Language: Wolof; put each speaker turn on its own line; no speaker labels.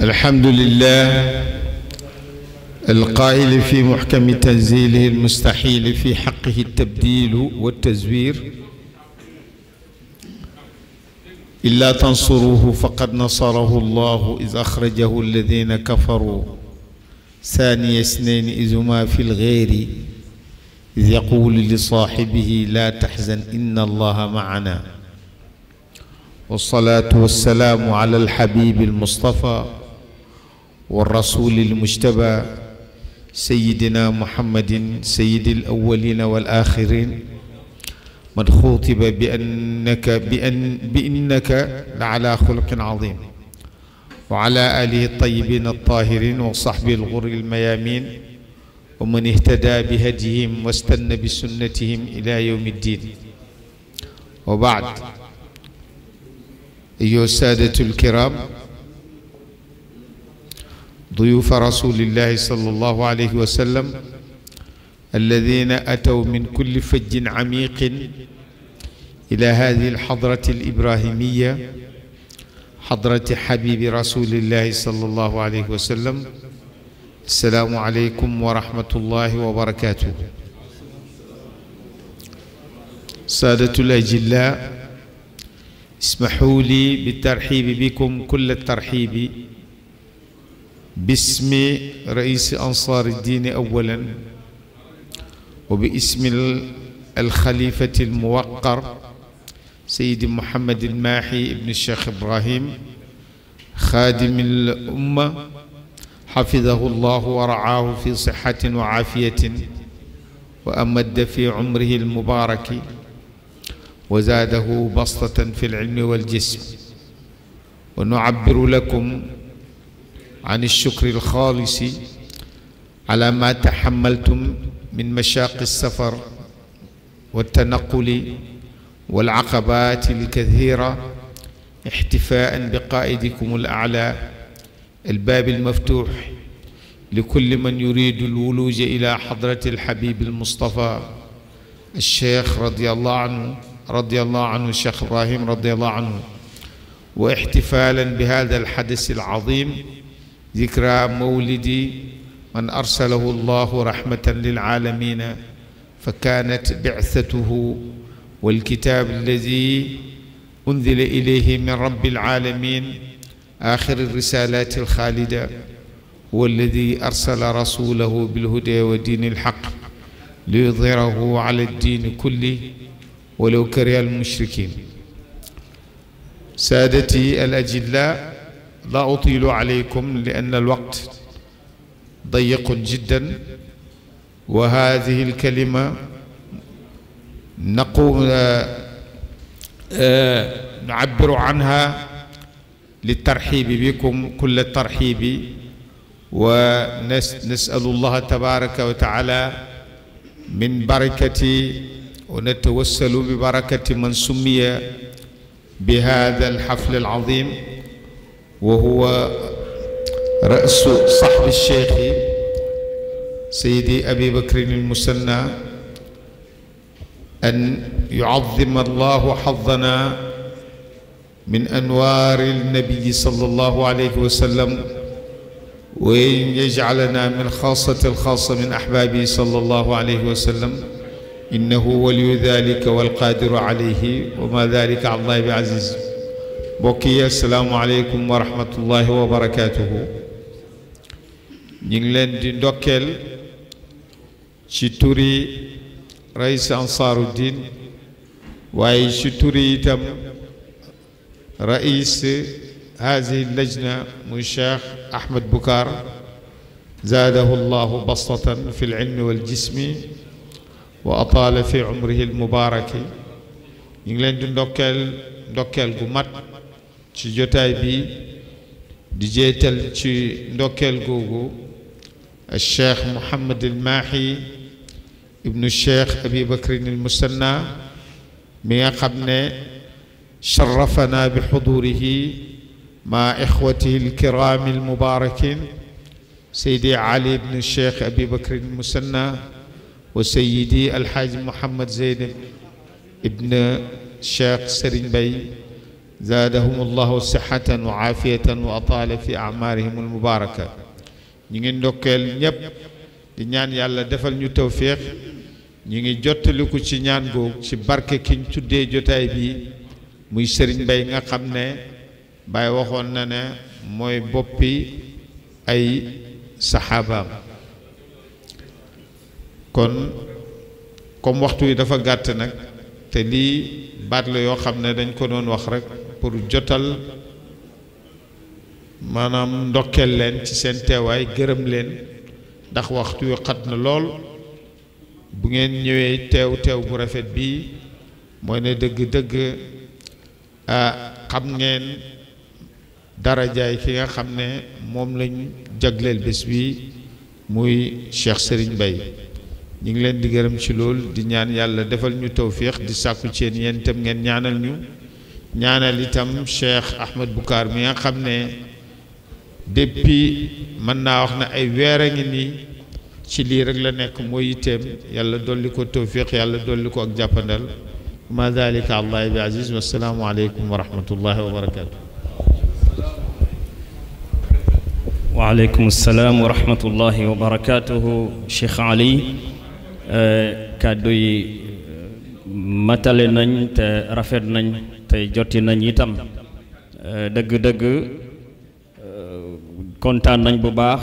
الحمد لله القائل في محكم تنزيله المستحيل في حقه التبديل والتزوير إلا تنصروه فقد نصره الله إذ أخرجه الذين كفروا ثاني اثنين إذ ما في الغير إذ يقول لصاحبه لا تحزن إن الله معنا والصلاة والسلام على الحبيب المصطفى wa rasulil mujtaba sayidina muhammadin sayidil awwalina wal axirin man xuutiba bi annaka bi an bi innaka la ala xuluqin azim wa ala alihi tayibin altahirin wa saxbi alguri almayamin wa man ihtada bi hadihim wa stanna bi sunnatihim ila yowmi ddin wa baad ayo saadatu alkiram duyuufa rasulillahi sallallahu alayhi wa sallam alladina ataw min kulli fajjin camiqin ila hadihi alxadrati alibrahimiya xadrati xabibi rasulillahi sallallahu alayhi wa sallam asalaamu aleykum wa rahmatullahi wa barakatuh saadatul ajilla ismaxuu li bitarxiibi bikum kulla tarxiibi باسم رئيس أنصار الدين أولا وباسم الخليفة الموقر سيد محمد الماحي ابن الشيخ إبراهيم خادم الأمة حفظه الله ورعاه في صحة وعافية وأمد في عمره المبارك وزاده بسطة في العلم والجسم ونعبر لكم an ilchukri alxaalisi ala ma taxamaltum min machaaqi alsafar waltanaquli walcaqabat alkacira ixtifaan biqaidikum alacla albaabi almaftux likulli man yuridu alwuluuja ila xadrati alxabib almustafa alcheikh radiallahu anhu radiallahu anhu cheikh ibrahim radiallahu anhu wa ixtifalan bihada alxadasi alcazim zikra mawlidi man arsalahu allahu rahmatan lilalamina fa kanat bicatuhu walkitab alladi unzila ilayhi min rabbi alalamin axir alrisalati alxaalida huwa alladi arsala rasulahu bilhuda wa diini alxaq liyudhirahu ala ddiini kulli walaw kariha almushrikin saadati alajilla لا أطيل عليكم لأن الوقت ضيق جدا وهذه الكلمة نقو نعبر عنها للترحيب بكم كل الترحيب ونسأل الله تبارك وتعالى من بركة ونتوسل ببركة من سمي بهذا الحفل العظيم wa huwa ra'su sahbi cheikhi sayidi abi bakrin al-musanna an yu'azzima allahu hazzana min anwaari nabiyi sallallahu alayhi wa sallam wa yaj'alana min xaasati al-xaasa min ahbaabihi sallallahu alayhi wa sallam innahu waliyyu dhaalika wal qaadiru alayhi wa maa dhaalika ala llaahi bi aziiz mbokk yi asalaamualeykum wa rahmatullahi wa barakaatuhu ñu ngi leen di ndokkeel ci turi rais ansaaru diin waaye ci turi itam rais haadihi lajna muy cheikh ahmed bukaar zaadahu llahu bastatan fi lilmi waljismi wa ataala fi umrihi almubaaraki ñu ngi leen di ndokkeel ndokkeel gu mat ci jotaay bi di jeetal ci ndokkeel googu al cheikh Mouhamad al Mahi ibnu cheikh Abi Bakrin al Musanna mi nga xam ne sharafana bi xudurihi ma ixwatihi al kiraami al mubaarakin Seydi Ali ibnu cheikh Abi Bakrin al Musanna wa Seyidi Alxaaji Mouhamad Zeynab ibnu cheikh Serigne Bay zaadahum allahu sixatan wa aafiyatan wa ataala fi amaarihim almubaaraka ñu ngi ndokkeel ñépp di ñaan yàlla defal ñu tawféex ñu ngi jottaliku ci ñaan googu ci barke ki ñu tuddee jotaay bii muy sëriñ bay nga xam ne Baay waxoon na ne mooy boppi ay saxaabaam kon comme waxtu wi dafa gàtt nag te lii baat la yoo xam ne dañ ko doon wax rek pour jotal maanaam ndokkeel leen ci seen teewaay gërëm leen ndax waxtu wi xat na lool bu ngeen ñëwee teew teew bu rafet bii mooy ne dëgg-dëgg xam ngeen darajaay ki nga xam ne moom lañu jagleel bés bi muy Cheikh sëriñ Baye ñu ngi leen di gërëm ci lool di ñaan yàlla defal ñu tawfiix di sàkku ci yéen itam ngeen ñaanal ñu ñaanal itam Cheikh Ahmed Boucar mi nga xam ne depuis mën naa wax na ay weer a ngi nii ci lii rek la nekk mooy yitteem yàlla dolli ko tawfiq yàlla dolli ko ak jàppandal ma dalika allahi bi aziz wa salaamu aleykum wa rahmatullahi wa barakatu waaleykum salaam wa rahmatullahi wa barakatuhu Cheikh Ali eh, kàddu yi eh, matale nañ te rafet nañ tey joti nañu itam euh, dëgg-dëgg euh, kontaan nañ bu baax